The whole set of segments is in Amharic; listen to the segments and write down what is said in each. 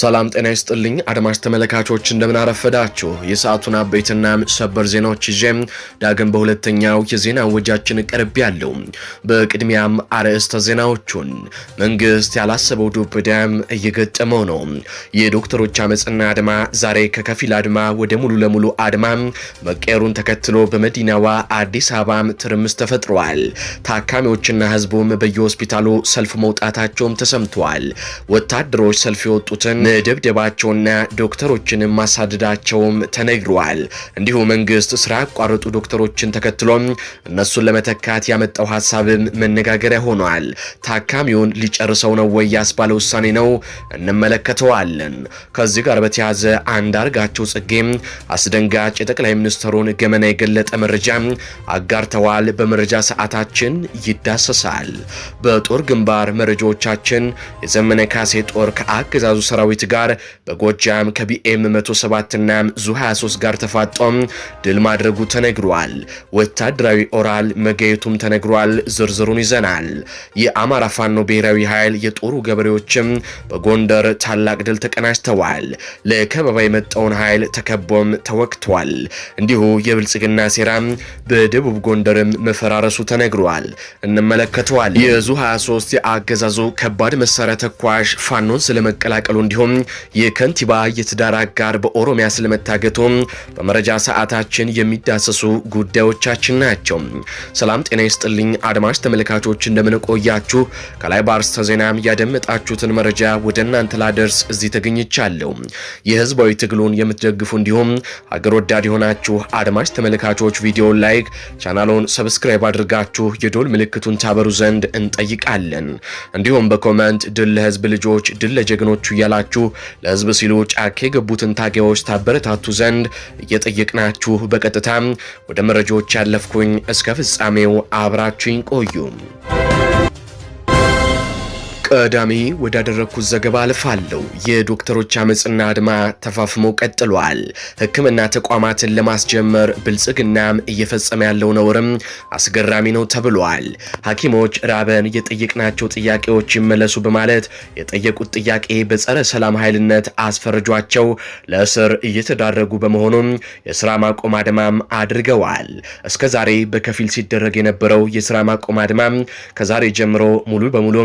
ሰላም ጤና ይስጥልኝ አድማጭ ተመልካቾች፣ እንደምን አረፈዳችሁ። የሰዓቱን አበይትና ሰበር ዜናዎች ይዤ ዳግም በሁለተኛው የዜና ወጃችን ቀርብ ያለው። በቅድሚያም አርዕስተ ዜናዎቹን፣ መንግስት ያላሰበው ዱብዳም እየገጠመው ነው። የዶክተሮች አመፅና አድማ ዛሬ ከከፊል አድማ ወደ ሙሉ ለሙሉ አድማ መቀየሩን ተከትሎ በመዲናዋ አዲስ አበባም ትርምስ ተፈጥሯል። ታካሚዎችና ህዝቡም በየሆስፒታሉ ሰልፍ መውጣታቸውም ተሰምተዋል። ወታደሮች ሰልፍ የወጡትን መደብደባቸውና ዶክተሮችንም ማሳደዳቸውም ተነግረዋል። እንዲሁ መንግስት ስራ ያቋረጡ ዶክተሮችን ተከትሎም እነሱን ለመተካት ያመጣው ሀሳብም መነጋገሪያ ሆኗል። ታካሚውን ሊጨርሰው ነው ወይ ያስባለ ውሳኔ ነው፣ እንመለከተዋለን። ከዚህ ጋር በተያያዘ አንዳርጋቸው ጽጌም አስደንጋጭ የጠቅላይ ሚኒስትሩን ገመና የገለጠ መረጃ አጋርተዋል። በመረጃ ሰዓታችን ይዳሰሳል። በጦር ግንባር መረጃዎቻችን የዘመነ ካሴ ጦር ከአገዛዙ ሰራዊት ሰራዊት ጋር በጎጃም ከቢኤም 107 እና ዙ 23 ጋር ተፋጦም ድል ማድረጉ ተነግሯል። ወታደራዊ ኦራል መገየቱም ተነግሯል። ዝርዝሩን ይዘናል። የአማራ ፋኖ ብሔራዊ ኃይል የጦሩ ገበሬዎችም በጎንደር ታላቅ ድል ተቀናጅተዋል። ለከበባ የመጣውን ኃይል ተከቦም ተወቅቷል። እንዲሁ የብልጽግና ሴራም በደቡብ ጎንደርም መፈራረሱ ተነግሯል። እንመለከተዋል። የዙ 23 የአገዛዙ ከባድ መሳሪያ ተኳሽ ፋኖን ስለመቀላቀሉ እንዲሁም የከንቲባ የትዳር አጋር በኦሮሚያ ስለመታገቱ በመረጃ ሰዓታችን የሚዳሰሱ ጉዳዮቻችን ናቸው። ሰላም ጤና ይስጥልኝ አድማጭ ተመልካቾች እንደምንቆያችሁ ከላይ በአርስተ ዜና ያደመጣችሁትን መረጃ ወደ እናንተ ላደርስ እዚህ ተገኝቻለሁ። የህዝባዊ ትግሉን የምትደግፉ እንዲሁም ሀገር ወዳድ የሆናችሁ አድማጭ ተመልካቾች ቪዲዮን ላይክ፣ ቻናሉን ሰብስክራይብ አድርጋችሁ የዶል ምልክቱን ታበሩ ዘንድ እንጠይቃለን። እንዲሁም በኮመንት ድል ለህዝብ ልጆች፣ ድል ለጀግኖቹ እያላችሁ ሆናችሁ ለህዝብ ሲሉ ጫካ የገቡትን ታጋዮች ታበረታቱ ዘንድ እየጠየቅናችሁ በቀጥታ ወደ መረጃዎች ያለፍኩኝ፣ እስከ ፍጻሜው አብራችሁኝ ቆዩ። ቀዳሚ ወዳደረግኩት ዘገባ አልፋለሁ። የዶክተሮች አመፅና አድማ ተፋፍሞ ቀጥሏል። ሕክምና ተቋማትን ለማስጀመር ብልጽግናም እየፈጸመ ያለው ነውርም አስገራሚ ነው ተብሏል። ሐኪሞች ራበን፣ የጠየቅናቸው ጥያቄዎች ይመለሱ በማለት የጠየቁት ጥያቄ በጸረ ሰላም ኃይልነት አስፈርጇቸው ለእስር እየተዳረጉ በመሆኑም የስራ ማቆም አድማም አድርገዋል። እስከዛሬ በከፊል ሲደረግ የነበረው የስራ ማቆም አድማም ከዛሬ ጀምሮ ሙሉ በሙሉ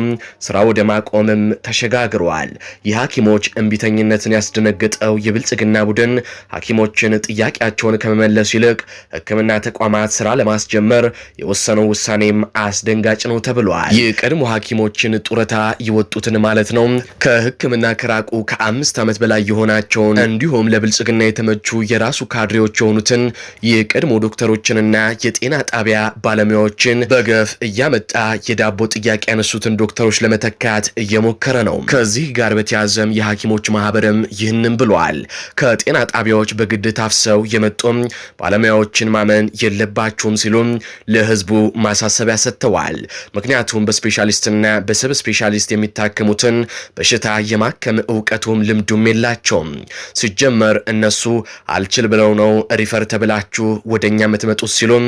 ስራው ወደ ማቆምም ተሸጋግሯል። የሐኪሞች እንቢተኝነትን ያስደነገጠው የብልጽግና ቡድን ሐኪሞችን ጥያቄያቸውን ከመመለሱ ይልቅ ሕክምና ተቋማት ስራ ለማስጀመር የወሰነው ውሳኔም አስደንጋጭ ነው ተብሏል። የቀድሞ ሐኪሞችን ጡረታ የወጡትን ማለት ነው ከሕክምና ከራቁ ከአምስት ዓመት በላይ የሆናቸውን እንዲሁም ለብልጽግና የተመቹ የራሱ ካድሬዎች የሆኑትን የቀድሞ ዶክተሮችንና የጤና ጣቢያ ባለሙያዎችን በገፍ እያመጣ የዳቦ ጥያቄ ያነሱትን ዶክተሮች ለመተካ ለማሳካት እየሞከረ ነው። ከዚህ ጋር በተያዘም የሐኪሞች ማህበርም ይህንም ብሏል። ከጤና ጣቢያዎች በግድ ታፍሰው የመጡም ባለሙያዎችን ማመን የለባችሁም ሲሉም ለህዝቡ ማሳሰቢያ ሰጥተዋል። ምክንያቱም በስፔሻሊስትና በሰብ ስፔሻሊስት የሚታከሙትን በሽታ የማከም እውቀቱም ልምዱም የላቸውም። ሲጀመር እነሱ አልችል ብለው ነው ሪፈር ተብላችሁ ወደኛ የምትመጡት ሲሉም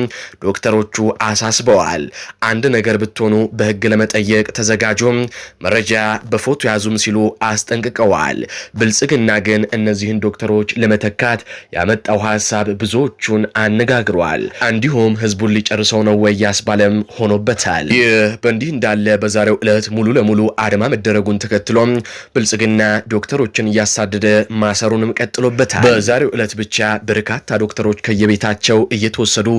ዶክተሮቹ አሳስበዋል። አንድ ነገር ብትሆኑ በህግ ለመጠየቅ ተዘጋጁም፣ መረጃ በፎቶ ያዙም ሲሉ አስጠንቅቀዋል። ብልጽግና ግን እነዚህን ዶክተሮች ለመተካት ያመጣው ሀሳብ ብዙዎቹን አነጋግሯል። እንዲሁም ህዝቡን ሊጨርሰው ነው ወይ ያስባለም ሆኖበታል። ይህ በእንዲህ እንዳለ በዛሬው ዕለት ሙሉ ለሙሉ አድማ መደረጉን ተከትሎም ብልጽግና ዶክተሮችን እያሳደደ ማሰሩንም ቀጥሎበታል። በዛሬው ዕለት ብቻ በርካታ ዶክተሮች ከየቤታቸው እየተወሰዱ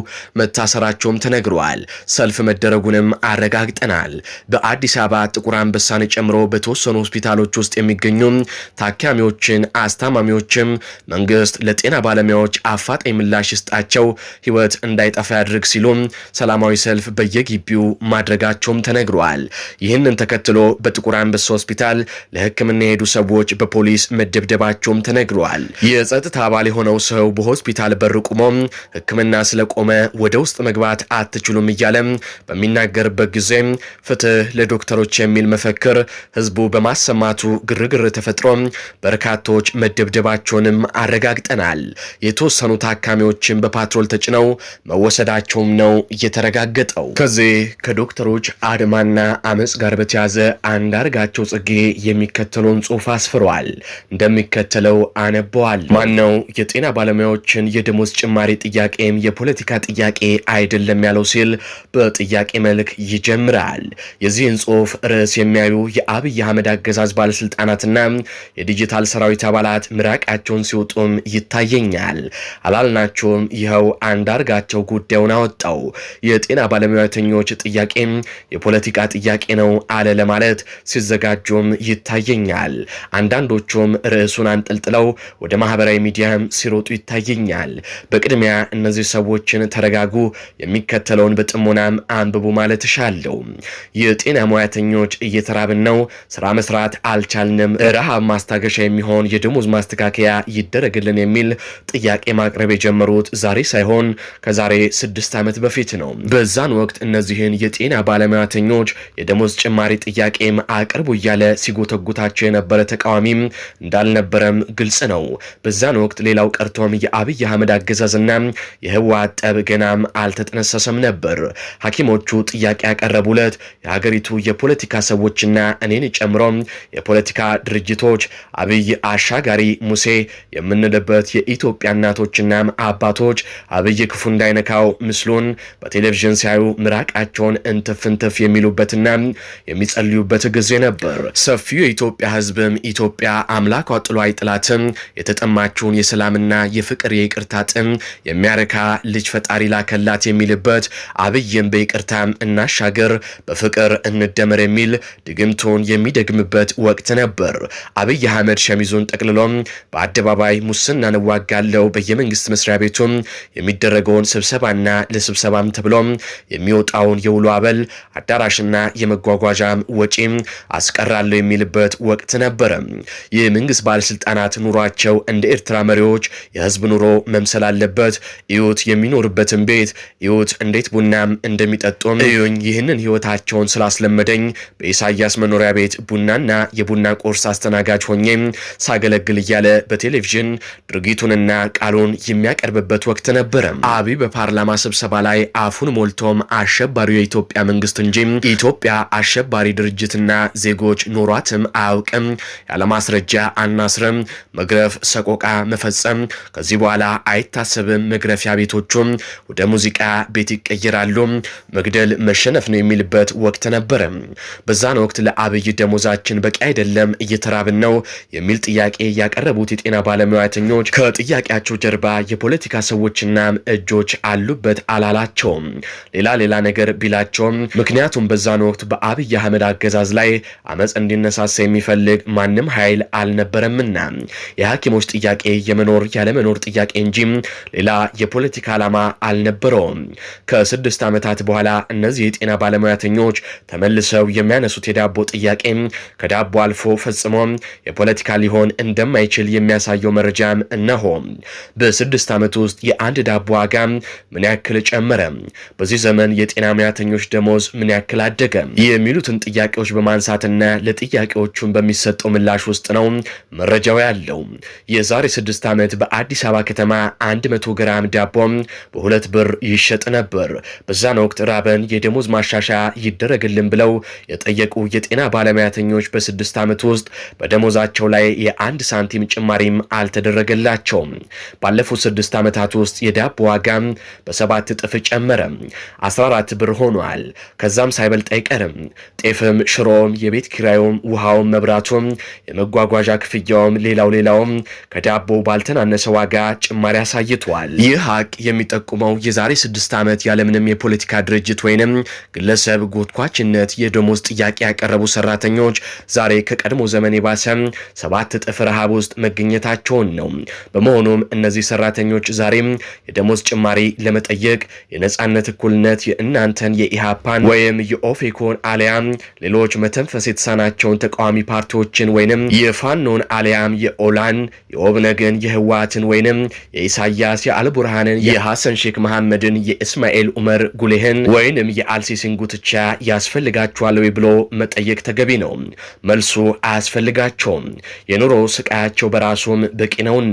መታሰራቸውም ተነግረዋል። ሰልፍ መደረጉንም አረጋግጠናል። በአዲስ አበባ ጥቁር አንበ አንበሳን ጨምሮ በተወሰኑ ሆስፒታሎች ውስጥ የሚገኙ ታካሚዎችን፣ አስታማሚዎችም መንግስት ለጤና ባለሙያዎች አፋጣኝ ምላሽ ይስጣቸው፣ ህይወት እንዳይጠፋ ያድርግ ሲሉ ሰላማዊ ሰልፍ በየግቢው ማድረጋቸውም ተነግሯል። ይህንን ተከትሎ በጥቁር አንበሳ ሆስፒታል ለህክምና የሄዱ ሰዎች በፖሊስ መደብደባቸውም ተነግሯል። የጸጥታ አባል የሆነው ሰው በሆስፒታል በር ቁሞ ህክምና ስለቆመ ወደ ውስጥ መግባት አትችሉም እያለ በሚናገርበት ጊዜ ፍትህ ለዶክተሮች የሚል መፈ መፈክር ህዝቡ በማሰማቱ ግርግር ተፈጥሮ በርካቶች መደብደባቸውንም አረጋግጠናል። የተወሰኑ ታካሚዎችን በፓትሮል ተጭነው መወሰዳቸውም ነው እየተረጋገጠው። ከዚህ ከዶክተሮች አድማና አመፅ ጋር በተያዘ አንዳርጋቸው ጽጌ የሚከተለውን ጽሁፍ አስፍሯል። እንደሚከተለው አነበዋል። ነው የጤና ባለሙያዎችን የደሞዝ ጭማሪ ጥያቄም የፖለቲካ ጥያቄ አይደለም ያለው ሲል በጥያቄ መልክ ይጀምራል። የዚህን ጽሁፍ ርዕስ የሚ ሰሜናዊ የአብይ አህመድ አገዛዝ ባለስልጣናትና የዲጂታል ሰራዊት አባላት ምራቃቸውን ሲወጡም ይታየኛል። አላልናቸውም። ይኸው አንዳርጋቸው ጉዳዩን አወጣው። የጤና ባለሙያተኞች ጥያቄ የፖለቲካ ጥያቄ ነው አለ ለማለት ሲዘጋጁም ይታየኛል። አንዳንዶቹም ርዕሱን አንጠልጥለው ወደ ማህበራዊ ሚዲያም ሲሮጡ ይታየኛል። በቅድሚያ እነዚህ ሰዎችን ተረጋጉ፣ የሚከተለውን በጥሞናም አንብቡ ማለት እሻለሁ። የጤና ሙያተኞች እየተራብን ነው፣ ስራ መስራት አልቻልንም፣ ረሃብ ማስታገሻ የሚሆን የደሞዝ ማስተካከያ ይደረግልን የሚል ጥያቄ ማቅረብ የጀመሩት ዛሬ ሳይሆን ከዛሬ ስድስት ዓመት በፊት ነው። በዛን ወቅት እነዚህን የጤና ባለሙያተኞች የደሞዝ ጭማሪ ጥያቄም አቅርቡ እያለ ሲጎተጉታቸው የነበረ ተቃዋሚም እንዳልነበረም ግልጽ ነው። በዛን ወቅት ሌላው ቀርቶም የአብይ አህመድ አገዛዝና የህወሓት ጠብ ገናም አልተጠነሰሰም ነበር። ሐኪሞቹ ጥያቄ ያቀረቡለት የሀገሪቱ የፖለቲካ ሰዎች ግለሰቦችና እኔን ጨምሮ የፖለቲካ ድርጅቶች አብይ አሻጋሪ ሙሴ የምንልበት የኢትዮጵያ እናቶችና አባቶች አብይ ክፉ እንዳይነካው ምስሉን በቴሌቪዥን ሲያዩ ምራቃቸውን እንትፍንትፍ የሚሉበትና የሚጸልዩበት ጊዜ ነበር። ሰፊው የኢትዮጵያ ህዝብም ኢትዮጵያ አምላክ ጥሎ አይጥላትም የተጠማችውን የሰላምና የፍቅር የይቅርታ ጥም የሚያረካ ልጅ ፈጣሪ ላከላት የሚልበት አብይም በይቅርታም እናሻገር በፍቅር እንደመር የሚል ድግምቱን የሚደግምበት ወቅት ነበር። አብይ አህመድ ሸሚዙን ጠቅልሎም በአደባባይ ሙስናን እዋጋለሁ፣ በየመንግስት መስሪያ ቤቱ የሚደረገውን ስብሰባና ለስብሰባም ተብሎም የሚወጣውን የውሎ አበል አዳራሽና የመጓጓዣም ወጪ አስቀራለሁ የሚልበት ወቅት ነበር የመንግስት ባለስልጣናት ኑሯቸው እንደ ኤርትራ መሪዎች የህዝብ ኑሮ መምሰል አለበት። እዩት የሚኖርበትን ቤት እዩት፣ እንዴት ቡናም እንደሚጠጡም እዩኝ፣ ይህንን ህይወታቸውን ስላስለመደኝ በኢሳያስ ኢሳያስ መኖሪያ ቤት ቡናና የቡና ቁርስ አስተናጋጅ ሆኜም ሳገለግል እያለ በቴሌቪዥን ድርጊቱንና ቃሉን የሚያቀርብበት ወቅት ነበረ። አብይ በፓርላማ ስብሰባ ላይ አፉን ሞልቶም አሸባሪው የኢትዮጵያ መንግስት እንጂ ኢትዮጵያ አሸባሪ ድርጅትና ዜጎች ኖሯትም አያውቅም፣ ያለማስረጃ አናስርም፣ መግረፍ፣ ሰቆቃ መፈጸም ከዚህ በኋላ አይታሰብም፣ መግረፊያ ቤቶቹም ወደ ሙዚቃ ቤት ይቀይራሉ፣ መግደል መሸነፍ ነው የሚልበት ወቅት ነበረ። በዛ ነው ወቅት ለአብይ ደሞዛችን በቂ አይደለም፣ እየተራብን ነው የሚል ጥያቄ ያቀረቡት የጤና ባለሙያተኞች ከጥያቄያቸው ጀርባ የፖለቲካ ሰዎችና እጆች አሉበት አላላቸውም። ሌላ ሌላ ነገር ቢላቸውም ምክንያቱም በዛን ወቅት በአብይ አህመድ አገዛዝ ላይ አመፅ እንዲነሳሳ የሚፈልግ ማንም ኃይል አልነበረምና የሐኪሞች ጥያቄ የመኖር ያለመኖር ጥያቄ እንጂ ሌላ የፖለቲካ ዓላማ አልነበረውም። ከስድስት ዓመታት በኋላ እነዚህ የጤና ባለሙያተኞች ተመልሰው የሚያነሱት የዳቦ ጥያቄ ከዳቦ አልፎ ፈጽሞ የፖለቲካ ሊሆን እንደማይችል የሚያሳየው መረጃም እነሆ። በስድስት ዓመት ውስጥ የአንድ ዳቦ ዋጋ ምን ያክል ጨመረ? በዚህ ዘመን የጤና ሙያተኞች ደሞዝ ምን ያክል አደገ? የሚሉትን ጥያቄዎች በማንሳትና ለጥያቄዎቹን በሚሰጠው ምላሽ ውስጥ ነው መረጃው ያለው። የዛሬ ስድስት ዓመት በአዲስ አበባ ከተማ አንድ መቶ ግራም ዳቦ በሁለት ብር ይሸጥ ነበር። በዛን ወቅት ራበን፣ የደሞዝ ማሻሻያ ይደረግልን ብለው የጠየቁ የጤና ባለሙያተኞች በስድስት ዓመት ውስጥ በደሞዛቸው ላይ የአንድ ሳንቲም ጭማሪም አልተደረገላቸውም። ባለፉት ስድስት ዓመታት ውስጥ የዳቦ ዋጋ በሰባት እጥፍ ጨመረ፣ 14 ብር ሆኗል። ከዛም ሳይበልጥ አይቀርም። ጤፍም፣ ሽሮም፣ የቤት ኪራዩም፣ ውሃውም፣ መብራቱም፣ የመጓጓዣ ክፍያውም፣ ሌላው ሌላውም ከዳቦ ባልተናነሰ ዋጋ ጭማሪ አሳይቷል። ይህ ሀቅ የሚጠቁመው የዛሬ ስድስት ዓመት ያለምንም የፖለቲካ ድርጅት ወይንም ግለሰብ ጎትኳችነት የደሞዝ ጥያቄ ያቀረቡ ሰራተኞች ዛሬ ከቀድሞ ዘመን የባሰ ሰባት እጥፍ ረሃብ ውስጥ መገኘታቸውን ነው። በመሆኑም እነዚህ ሰራተኞች ዛሬም የደሞዝ ጭማሪ ለመጠየቅ የነጻነት እኩልነት የእናንተን የኢሃፓን ወይም የኦፌኮን አሊያም ሌሎች መተንፈስ የተሳናቸውን ተቃዋሚ ፓርቲዎችን ወይንም የፋኖን አሊያም የኦላን የኦብነግን የህወሓትን ወይንም የኢሳያስ የአልቡርሃንን የሐሰን ሼክ መሐመድን የእስማኤል ኡመር ጉሌህን ወይንም የአልሲሲን ጉትቻ ያስፈልጋችኋል ብሎ መጠየቅ ተገቢ ነው። መልሱ አያስፈልጋቸውም። የኑሮ ስቃያቸው በራሱም በቂ ነውና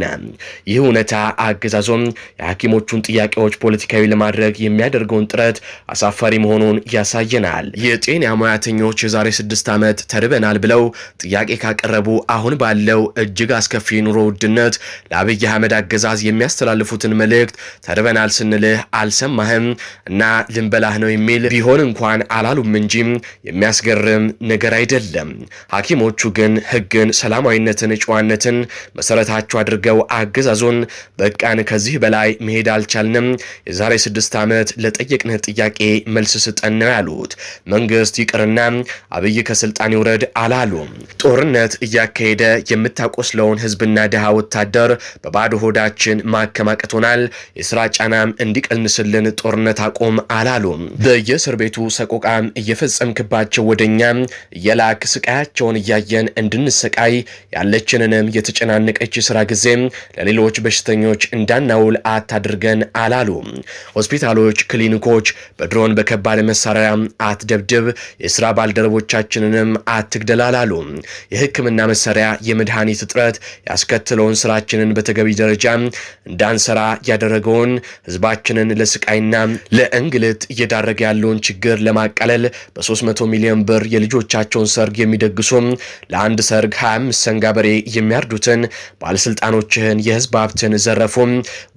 ይህ እውነታ አገዛዞም የሐኪሞቹን ጥያቄዎች ፖለቲካዊ ለማድረግ የሚያደርገውን ጥረት አሳፋሪ መሆኑን ያሳየናል። የጤና ሙያተኞች የዛሬ ስድስት ዓመት ተርበናል ብለው ጥያቄ ካቀረቡ አሁን ባለው እጅግ አስከፊ ኑሮ ውድነት ለአብይ አህመድ አገዛዝ የሚያስተላልፉትን መልእክት ተርበናል ስንልህ አልሰማህም እና ልንበላህ ነው የሚል ቢሆን እንኳን አላሉም እንጂ የሚያስገርም የሚቻልም ነገር አይደለም። ሐኪሞቹ ግን ህግን፣ ሰላማዊነትን፣ ጨዋነትን መሰረታቸው አድርገው አገዛዙን በቃን ከዚህ በላይ መሄድ አልቻልንም፣ የዛሬ ስድስት ዓመት ለጠየቅንህ ጥያቄ መልስ ስጠን ነው ያሉት። መንግስት ይቅርና አብይ ከስልጣን ይውረድ አላሉም። ጦርነት እያካሄደ የምታቆስለውን ህዝብና ድሃ ወታደር በባዶ ሆዳችን ማከማቀቶናል የስራ ጫናም እንዲቀንስልን ጦርነት አቁም አላሉም። በየእስር ቤቱ ሰቆቃም እየፈጸምክባቸው ወደኛ እኛም እየላክ ስቃያቸውን እያየን እንድንሰቃይ ያለችንንም የተጨናነቀች ስራ ጊዜ ለሌሎች በሽተኞች እንዳናውል አታድርገን አላሉ። ሆስፒታሎች፣ ክሊኒኮች በድሮን በከባድ መሳሪያ አትደብድብ፣ የስራ ባልደረቦቻችንንም አትግደል አላሉ። የህክምና መሳሪያ፣ የመድኃኒት እጥረት ያስከትለውን ስራችንን በተገቢ ደረጃ እንዳንሰራ ያደረገውን ህዝባችንን ለስቃይና ለእንግልት እየዳረገ ያለውን ችግር ለማቃለል በ300 ሚሊዮን ብር የልጆቻቸውን ሰርግ የሚደግሱም ለአንድ ሰርግ 25 ሰንጋ በሬ የሚያርዱትን ባለስልጣኖችህን የህዝብ ሀብትን ዘረፉም፣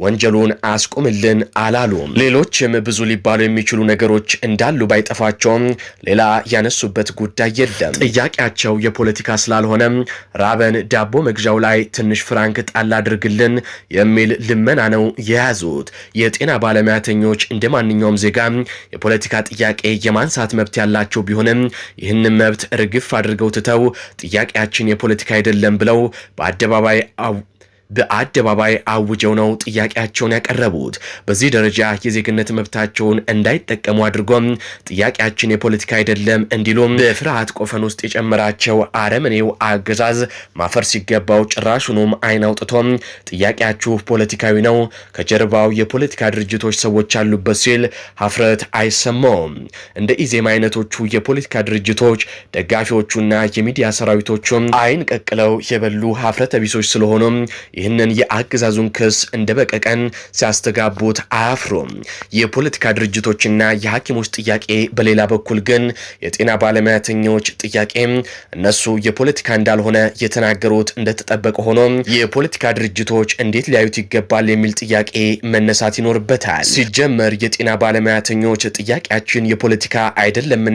ወንጀሉን አስቁምልን አላሉም። ሌሎችም ብዙ ሊባሉ የሚችሉ ነገሮች እንዳሉ ባይጠፋቸውም ሌላ ያነሱበት ጉዳይ የለም። ጥያቄያቸው የፖለቲካ ስላልሆነም ራበን፣ ዳቦ መግዣው ላይ ትንሽ ፍራንክ ጣል አድርግልን የሚል ልመና ነው የያዙት። የጤና ባለሙያተኞች እንደ ማንኛውም ዜጋ የፖለቲካ ጥያቄ የማንሳት መብት ያላቸው ቢሆንም ይህን መብት ርግፍ አድርገው ትተው ጥያቄያችን የፖለቲካ አይደለም ብለው በአደባባይ በአደባባይ አውጀው ነው ጥያቄያቸውን ያቀረቡት። በዚህ ደረጃ የዜግነት መብታቸውን እንዳይጠቀሙ አድርጎም ጥያቄያችን የፖለቲካ አይደለም እንዲሉም በፍርሃት ቆፈን ውስጥ የጨመራቸው አረመኔው አገዛዝ ማፈር ሲገባው ጭራሹኑም አይን አውጥቶም ጥያቄያችሁ ፖለቲካዊ ነው፣ ከጀርባው የፖለቲካ ድርጅቶች ሰዎች አሉበት ሲል ሀፍረት አይሰማውም። እንደ ኢዜማ አይነቶቹ የፖለቲካ ድርጅቶች ደጋፊዎቹና የሚዲያ ሰራዊቶቹም አይን ቀቅለው የበሉ ሀፍረተ ቢሶች ስለሆኑም ይህንን የአገዛዙን ክስ እንደ በቀቀን ሲያስተጋቡት አያፍሩም። የፖለቲካ ድርጅቶችና የሐኪሞች ጥያቄ፣ በሌላ በኩል ግን የጤና ባለሙያተኞች ጥያቄ እነሱ የፖለቲካ እንዳልሆነ የተናገሩት እንደተጠበቀ ሆኖ የፖለቲካ ድርጅቶች እንዴት ሊያዩት ይገባል የሚል ጥያቄ መነሳት ይኖርበታል። ሲጀመር የጤና ባለሙያተኞች ጥያቄያችን የፖለቲካ አይደለምና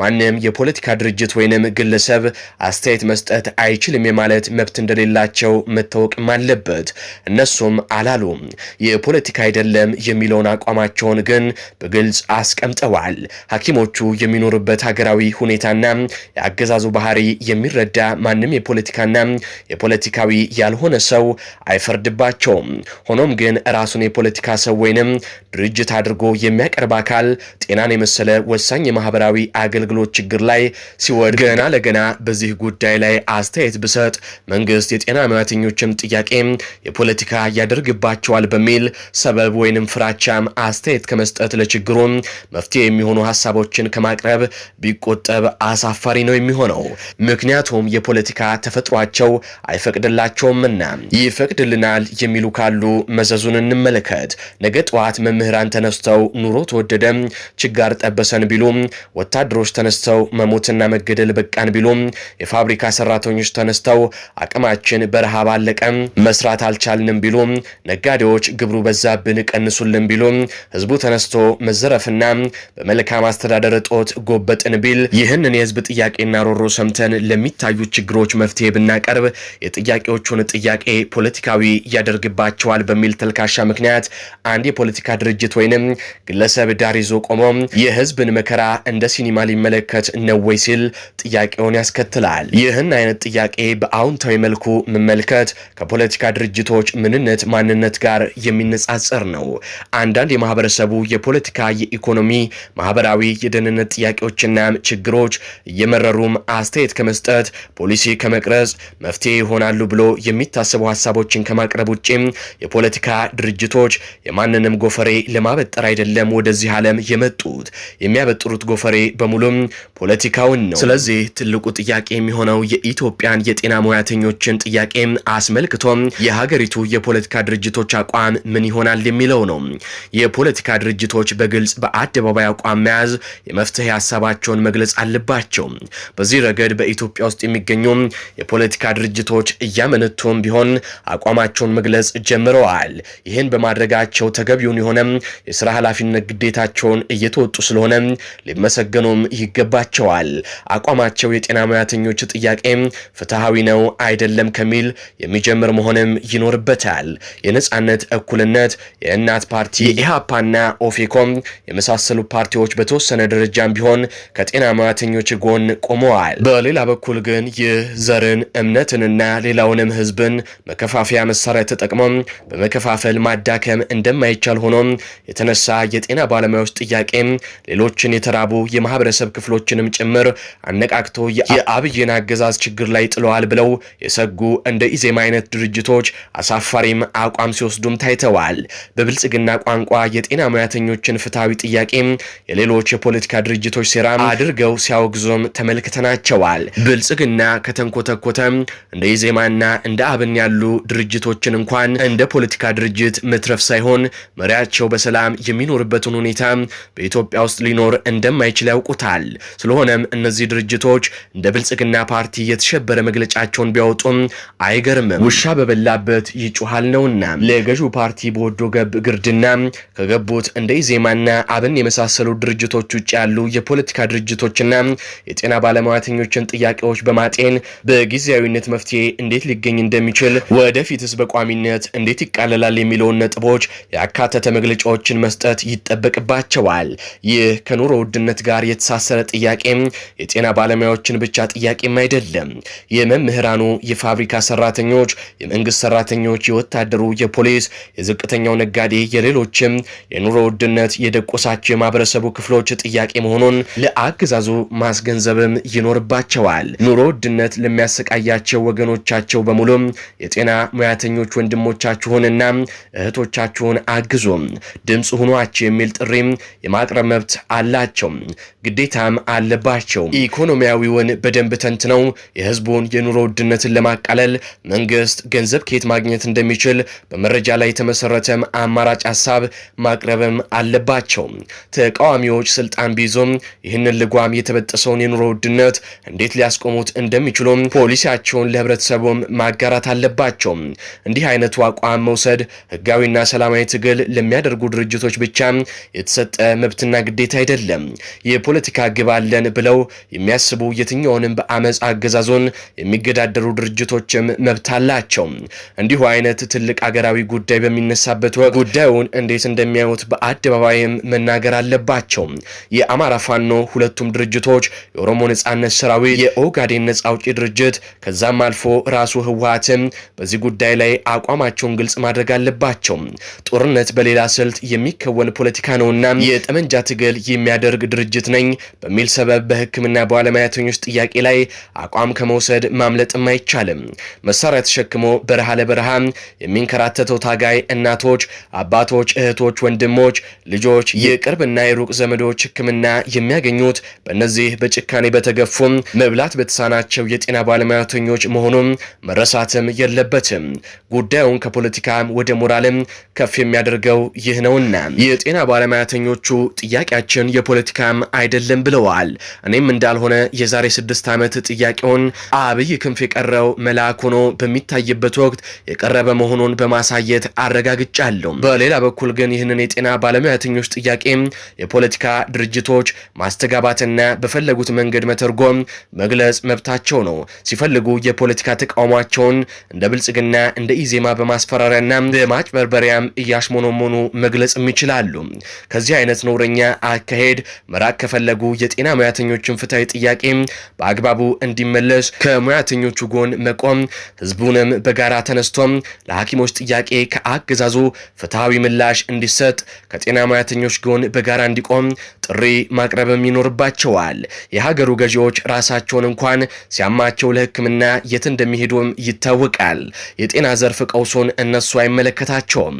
ማንም የፖለቲካ ድርጅት ወይንም ግለሰብ አስተያየት መስጠት አይችልም የማለት መብት እንደሌላቸው መታወቅም መሆንም አለበት። እነሱም አላሉም። የፖለቲካ አይደለም የሚለውን አቋማቸውን ግን በግልጽ አስቀምጠዋል። ሐኪሞቹ የሚኖሩበት ሀገራዊ ሁኔታና የአገዛዙ ባህሪ የሚረዳ ማንም የፖለቲካና የፖለቲካዊ ያልሆነ ሰው አይፈርድባቸውም። ሆኖም ግን ራሱን የፖለቲካ ሰው ወይንም ድርጅት አድርጎ የሚያቀርብ አካል ጤናን የመሰለ ወሳኝ የማህበራዊ አገልግሎት ችግር ላይ ሲወድ ገና ለገና በዚህ ጉዳይ ላይ አስተያየት ብሰጥ መንግስት የጤና ሙያተኞችም ጥያቄ ጥያቄ የፖለቲካ ያደርግባቸዋል በሚል ሰበብ ወይንም ፍራቻም አስተያየት ከመስጠት ለችግሩ መፍትሄ የሚሆኑ ሀሳቦችን ከማቅረብ ቢቆጠብ አሳፋሪ ነው የሚሆነው። ምክንያቱም የፖለቲካ ተፈጥሯቸው አይፈቅድላቸውምና። ይፈቅድልናል የሚሉ ካሉ መዘዙን እንመለከት ነገ ጠዋት መምህራን ተነስተው ኑሮ ተወደደ ችጋር ጠበሰን ቢሉ፣ ወታደሮች ተነስተው መሞትና መገደል በቃን ቢሉ፣ የፋብሪካ ሰራተኞች ተነስተው አቅማችን በረሃብ አለቀም መስራት አልቻልንም ቢሉም፣ ነጋዴዎች ግብሩ በዛብን ቀንሱልን ቢሉም፣ ህዝቡ ተነስቶ መዘረፍና በመልካም አስተዳደር እጦት ጎበጥን ቢል ይህንን የህዝብ ጥያቄና ሮሮ ሰምተን ለሚታዩ ችግሮች መፍትሄ ብናቀርብ የጥያቄዎቹን ጥያቄ ፖለቲካዊ ያደርግባቸዋል በሚል ተልካሻ ምክንያት አንድ የፖለቲካ ድርጅት ወይንም ግለሰብ ዳር ይዞ ቆሞ የህዝብን መከራ እንደ ሲኒማ ሊመለከት ነው ወይ ሲል ጥያቄውን ያስከትላል። ይህን አይነት ጥያቄ በአውንታዊ መልኩ መመልከት የፖለቲካ ድርጅቶች ምንነት፣ ማንነት ጋር የሚነጻጸር ነው። አንዳንድ የማህበረሰቡ የፖለቲካ፣ የኢኮኖሚ፣ ማህበራዊ፣ የደህንነት ጥያቄዎችና ችግሮች እየመረሩም አስተያየት ከመስጠት ፖሊሲ ከመቅረጽ መፍትሄ ይሆናሉ ብሎ የሚታሰቡ ሀሳቦችን ከማቅረብ ውጭም የፖለቲካ ድርጅቶች የማንንም ጎፈሬ ለማበጠር አይደለም ወደዚህ ዓለም የመጡት። የሚያበጥሩት ጎፈሬ በሙሉም ፖለቲካውን ነው። ስለዚህ ትልቁ ጥያቄ የሚሆነው የኢትዮጵያን የጤና ሙያተኞችን ጥያቄ አስመልክቶ አስመልክቶ የሀገሪቱ የፖለቲካ ድርጅቶች አቋም ምን ይሆናል የሚለው ነው። የፖለቲካ ድርጅቶች በግልጽ በአደባባይ አቋም መያዝ የመፍትሄ ሀሳባቸውን መግለጽ አለባቸው። በዚህ ረገድ በኢትዮጵያ ውስጥ የሚገኙ የፖለቲካ ድርጅቶች እያመነቱም ቢሆን አቋማቸውን መግለጽ ጀምረዋል። ይህን በማድረጋቸው ተገቢውን የሆነ የስራ ኃላፊነት ግዴታቸውን እየተወጡ ስለሆነ ሊመሰገኑም ይገባቸዋል። አቋማቸው የጤና ሙያተኞች ጥያቄ ፍትሐዊ ነው አይደለም ከሚል የሚጀምር ግብር መሆንም ይኖርበታል። የነጻነት እኩልነት፣ የእናት ፓርቲ፣ የኢህአፓና ኦፌኮም የመሳሰሉ ፓርቲዎች በተወሰነ ደረጃም ቢሆን ከጤና ሙያተኞች ጎን ቆመዋል። በሌላ በኩል ግን ይህ ዘርን እምነትንና ሌላውንም ህዝብን መከፋፈያ መሳሪያ ተጠቅሞም በመከፋፈል ማዳከም እንደማይቻል ሆኖም የተነሳ የጤና ባለሙያዎች ጥያቄ ሌሎችን የተራቡ የማህበረሰብ ክፍሎችንም ጭምር አነቃቅቶ የአብይን አገዛዝ ችግር ላይ ጥለዋል ብለው የሰጉ እንደ ኢዜማ አይነት ድርጅቶች አሳፋሪም አቋም ሲወስዱም ታይተዋል። በብልጽግና ቋንቋ የጤና ሙያተኞችን ፍትሐዊ ጥያቄ የሌሎች የፖለቲካ ድርጅቶች ሴራ አድርገው ሲያወግዙም ተመልክተናቸዋል። ብልጽግና ከተንኮተኮተ እንደ ኢዜማና እንደ አብን ያሉ ድርጅቶችን እንኳን እንደ ፖለቲካ ድርጅት መትረፍ ሳይሆን መሪያቸው በሰላም የሚኖርበትን ሁኔታ በኢትዮጵያ ውስጥ ሊኖር እንደማይችል ያውቁታል። ስለሆነም እነዚህ ድርጅቶች እንደ ብልጽግና ፓርቲ የተሸበረ መግለጫቸውን ቢያወጡም አይገርምም። በበላበት ይጮሃል ነውና ለገዢው ፓርቲ በወዶ ገብ ግርድና ከገቡት እንደ ኢዜማና አብን የመሳሰሉ ድርጅቶች ውጭ ያሉ የፖለቲካ ድርጅቶችና የጤና ባለሙያተኞችን ጥያቄዎች በማጤን በጊዜያዊነት መፍትሄ እንዴት ሊገኝ እንደሚችል ወደፊትስ በቋሚነት እንዴት ይቃለላል የሚለውን ነጥቦች ያካተተ መግለጫዎችን መስጠት ይጠበቅባቸዋል። ይህ ከኑሮ ውድነት ጋር የተሳሰረ ጥያቄም የጤና ባለሙያዎችን ብቻ ጥያቄም አይደለም። የመምህራኑ፣ የፋብሪካ ሰራተኞች፣ የመንግስት ሰራተኞች፣ የወታደሩ፣ የፖሊስ፣ የዝቅተኛው ነጋዴ፣ የሌሎችም የኑሮ ውድነት የደቆሳቸው የማህበረሰቡ ክፍሎች ጥያቄ መሆኑን ለአገዛዙ ማስገንዘብም ይኖርባቸዋል። ኑሮ ውድነት ለሚያሰቃያቸው ወገኖቻቸው በሙሉም የጤና ሙያተኞች ወንድሞቻችሁንና እህቶቻችሁን አግዙ፣ ድምፅ ሁኗቸው የሚል ጥሪም የማቅረብ መብት አላቸው፣ ግዴታም አለባቸው። ኢኮኖሚያዊውን በደንብ ተንትነው የህዝቡን የኑሮ ውድነትን ለማቃለል መንግስት ገንዘብ ከየት ማግኘት እንደሚችል በመረጃ ላይ የተመሰረተም አማራጭ ሀሳብ ማቅረብም አለባቸው። ተቃዋሚዎች ስልጣን ቢይዙም ይህንን ልጓም የተበጠሰውን የኑሮ ውድነት እንዴት ሊያስቆሙት እንደሚችሉም ፖሊሲያቸውን ለህብረተሰቡም ማጋራት አለባቸው። እንዲህ አይነቱ አቋም መውሰድ ህጋዊና ሰላማዊ ትግል ለሚያደርጉ ድርጅቶች ብቻ የተሰጠ መብትና ግዴታ አይደለም። የፖለቲካ ግብ አለን ብለው የሚያስቡ የትኛውንም በአመፅ አገዛዞን የሚገዳደሩ ድርጅቶችም መብት አላቸው። ናቸው። እንዲሁ አይነት ትልቅ አገራዊ ጉዳይ በሚነሳበት ወቅት ጉዳዩን እንዴት እንደሚያዩት በአደባባይም መናገር አለባቸው። የአማራ ፋኖ ሁለቱም ድርጅቶች የኦሮሞ ነጻነት ሰራዊት፣ የኦጋዴን ነጻ አውጪ ድርጅት ከዛም አልፎ ራሱ ህወሀትም በዚህ ጉዳይ ላይ አቋማቸውን ግልጽ ማድረግ አለባቸው። ጦርነት በሌላ ስልት የሚከወን ፖለቲካ ነውና የጠመንጃ ትግል የሚያደርግ ድርጅት ነኝ በሚል ሰበብ በህክምና በባለሙያተኞች ጥያቄ ላይ አቋም ከመውሰድ ማምለጥም አይቻልም። መሳሪያ ተሸክሞ በረሃ ለበረሃ የሚንከራተተው ታጋይ እናቶች፣ አባቶች፣ እህቶች፣ ወንድሞች፣ ልጆች፣ የቅርብና የሩቅ ዘመዶች ሕክምና የሚያገኙት በእነዚህ በጭካኔ በተገፉ መብላት በተሳናቸው የጤና ባለሙያተኞች መሆኑም መረሳትም የለበትም። ጉዳዩን ከፖለቲካ ወደ ሞራልም ከፍ የሚያደርገው ይህ ነውና የጤና ባለሙያተኞቹ ጥያቄያችን የፖለቲካም አይደለም ብለዋል። እኔም እንዳልሆነ የዛሬ ስድስት ዓመት ጥያቄውን አብይ ክንፍ የቀረው መልአክ ሆኖ በሚታይ በሚታይበት ወቅት የቀረበ መሆኑን በማሳየት አረጋግጫለሁ። በሌላ በኩል ግን ይህንን የጤና ባለሙያተኞች ጥያቄ የፖለቲካ ድርጅቶች ማስተጋባትና በፈለጉት መንገድ መተርጎም፣ መግለጽ መብታቸው ነው። ሲፈልጉ የፖለቲካ ተቃውሟቸውን እንደ ብልጽግና እንደ ኢዜማ በማስፈራሪያና በማጭበርበሪያም እያሽሞኖሞኑ መግለጽም ይችላሉ። ከዚህ አይነት ነውረኛ አካሄድ መራቅ ከፈለጉ የጤና ሙያተኞችን ፍትሐዊ ጥያቄ በአግባቡ እንዲመለስ ከሙያተኞቹ ጎን መቆም ህዝቡንም በጋራ ተነስቶም ለሐኪሞች ጥያቄ ከአገዛዙ ፍትሐዊ ምላሽ እንዲሰጥ ከጤና ሙያተኞች ጎን በጋራ እንዲቆም ጥሪ ማቅረብም ይኖርባቸዋል። የሀገሩ ገዢዎች ራሳቸውን እንኳን ሲያማቸው ለሕክምና የት እንደሚሄዱም ይታወቃል። የጤና ዘርፍ ቀውሱን እነሱ አይመለከታቸውም።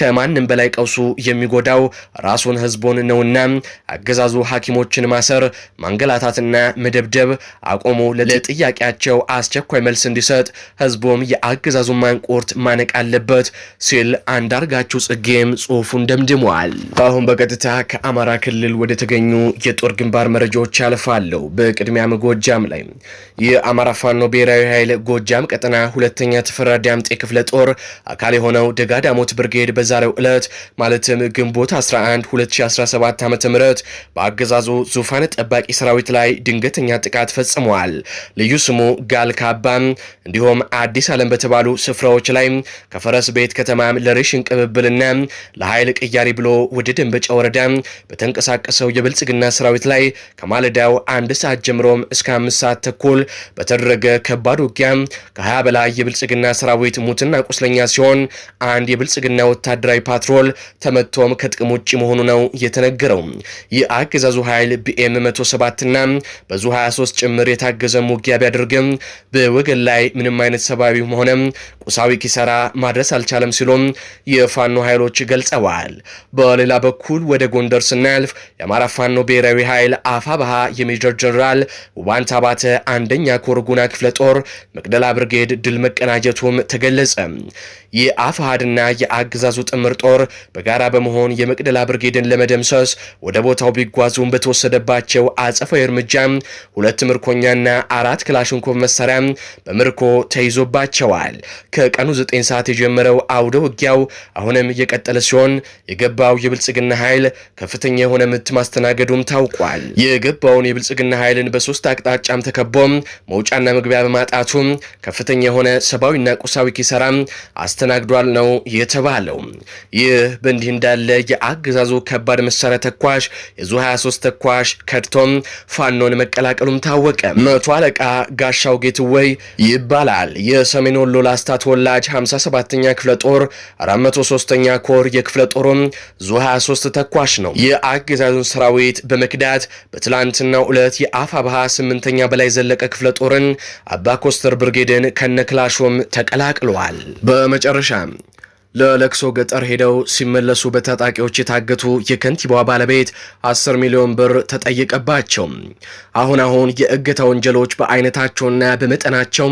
ከማንም በላይ ቀውሱ የሚጎዳው ራሱን ህዝቡን ነውና አገዛዙ ሐኪሞችን ማሰር፣ ማንገላታትና መደብደብ አቆሙ። ለጥያቄያቸው አስቸኳይ መልስ እንዲሰጥ የ የአገዛዙ ማንቆርት ማነቅ አለበት ሲል አንዳርጋቸው ጽጌም ጽሁፉን ደምድመዋል። አሁን በቀጥታ ከአማራ ክልል ወደ ተገኙ የጦር ግንባር መረጃዎች ያልፋለሁ። በቅድሚያም ጎጃም ላይ የአማራ ፋኖ ብሔራዊ ኃይል ጎጃም ቀጠና ሁለተኛ ተፈራ ዳምጤ ክፍለ ጦር አካል የሆነው ደጋዳሞት ብርጌድ በዛሬው ዕለት ማለትም ግንቦት 11 2017 ዓ ም በአገዛዙ ዙፋን ጠባቂ ሰራዊት ላይ ድንገተኛ ጥቃት ፈጽመዋል። ልዩ ስሙ ጋል ካባም እንዲሁም አዲስ ዓለም ገዳም በተባሉ ስፍራዎች ላይ ከፈረስ ቤት ከተማ ለሬሽን ቅብብልና ለኃይል ቅያሪ ብሎ ወደ ደንበጫ ወረዳ በተንቀሳቀሰው የብልጽግና ሰራዊት ላይ ከማለዳው አንድ ሰዓት ጀምሮም እስከ አምስት ሰዓት ተኩል በተደረገ ከባድ ውጊያ ከ20 በላይ የብልጽግና ሰራዊት ሙትና ቁስለኛ ሲሆን አንድ የብልጽግና ወታደራዊ ፓትሮል ተመቶም ከጥቅም ውጭ መሆኑ ነው የተነገረው። ይህ አገዛዙ ኃይል ቢኤም 107ና በዙ 23 ጭምር የታገዘም ውጊያ ቢያደርግም በወገን ላይ ምንም አይነት ሰብአዊ ሆነ ቁሳዊ ኪሰራ ማድረስ አልቻለም ሲሉም የፋኖ ኃይሎች ገልጸዋል። በሌላ በኩል ወደ ጎንደር ስናልፍ የአማራ ፋኖ ብሔራዊ ኃይል አፋባሃ የሜጀር ጀነራል ውባንት አባተ አንደኛ ኮር ጉና ክፍለ ጦር መቅደላ ብርጌድ ድል መቀናጀቱም ተገለጸ። የአፋሃድና የአገዛዙ ጥምር ጦር በጋራ በመሆን የመቅደላ ብርጌድን ለመደምሰስ ወደ ቦታው ቢጓዙም በተወሰደባቸው አጸፋዊ እርምጃ ሁለት ምርኮኛና አራት ክላሽንኮቭ መሳሪያ በምርኮ ተይዞባቸው ተመልክተዋል። ከቀኑ 9 ሰዓት የጀመረው አውደ ውጊያው አሁንም እየቀጠለ ሲሆን የገባው የብልጽግና ኃይል ከፍተኛ የሆነ ምት ማስተናገዱም ታውቋል። የገባውን የብልጽግና ኃይልን በሶስት አቅጣጫም ተከቦም መውጫና መግቢያ በማጣቱም ከፍተኛ የሆነ ሰብአዊና ቁሳዊ ኪሳራም አስተናግዷል ነው የተባለው። ይህ በእንዲህ እንዳለ የአገዛዙ ከባድ መሳሪያ ተኳሽ የዙ 23 ተኳሽ ከድቶም ፋኖን መቀላቀሉም ታወቀ። መቶ አለቃ ጋሻው ጌትወይ ይባላል የሰሜኑ የወሎ ላስታ ተወላጅ 57ኛ ክፍለ ጦር 403ኛ ኮር የክፍለ ጦሩም ዙ 23 ተኳሽ ነው። የአገዛዙን ሰራዊት በመክዳት በትላንትናው ዕለት የአፋ ባሃ 8 በላይ ዘለቀ ክፍለ ጦርን አባ ኮስተር ብርጌድን ከነክላሹም ተቀላቅለዋል። በመጨረሻ ለለቅሶ ገጠር ሄደው ሲመለሱ በታጣቂዎች የታገቱ የከንቲባዋ ባለቤት 10 ሚሊዮን ብር ተጠየቀባቸው። አሁን አሁን የእገታ ወንጀሎች በአይነታቸውና በመጠናቸው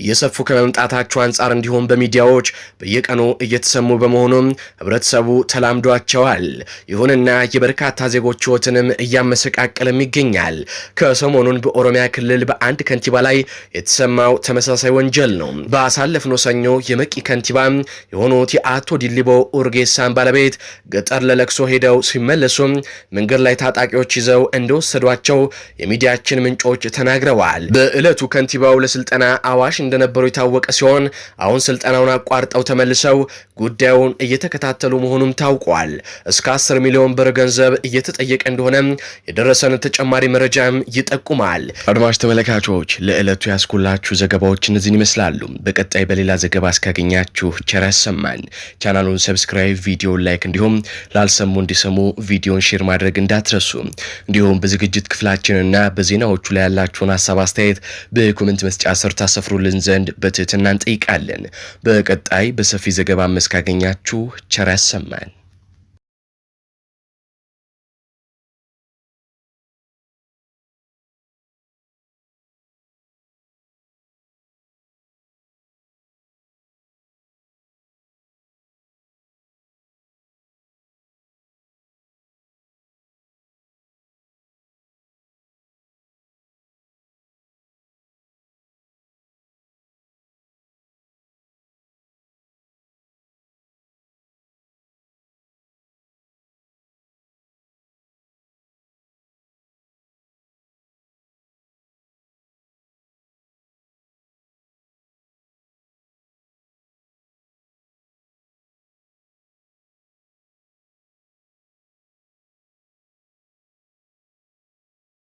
እየሰፉ ከመምጣታቸው አንጻር እንዲሁም በሚዲያዎች በየቀኑ እየተሰሙ በመሆኑም ህብረተሰቡ ተላምዷቸዋል። ይሁንና የበርካታ ዜጎች ህይወትንም እያመሰቃቀለም ይገኛል። ከሰሞኑን በኦሮሚያ ክልል በአንድ ከንቲባ ላይ የተሰማው ተመሳሳይ ወንጀል ነው። ባሳለፍነው ሰኞ የመቂ ከንቲባ የሆኑት አቶ ዲሊቦ ኡርጌሳን ባለቤት ገጠር ለለቅሶ ሄደው ሲመለሱም መንገድ ላይ ታጣቂዎች ይዘው እንደወሰዷቸው የሚዲያችን ምንጮች ተናግረዋል። በዕለቱ ከንቲባው ለስልጠና አዋሽ እንደነበሩ የታወቀ ሲሆን አሁን ስልጠናውን አቋርጠው ተመልሰው ጉዳዩን እየተከታተሉ መሆኑም ታውቋል። እስከ 10 ሚሊዮን ብር ገንዘብ እየተጠየቀ እንደሆነም የደረሰን ተጨማሪ መረጃም ይጠቁማል። አድማጭ ተመልካቾች ለዕለቱ ያስኩላችሁ ዘገባዎች እነዚህን ይመስላሉ። በቀጣይ በሌላ ዘገባ እስካገኛችሁ ቸር ያሰማን። ቻናሉን ሰብስክራይብ፣ ቪዲዮ ላይክ እንዲሁም ላልሰሙ እንዲሰሙ ቪዲዮን ሼር ማድረግ እንዳትረሱ። እንዲሁም በዝግጅት ክፍላችንና በዜናዎቹ ላይ ያላችሁን ሀሳብ አስተያየት በኮመንት መስጫ ስር ታሰፍሩልን ዘንድ በትህትና እንጠይቃለን። በቀጣይ በሰፊ ዘገባ መስካገኛችሁ ቸር ያሰማን።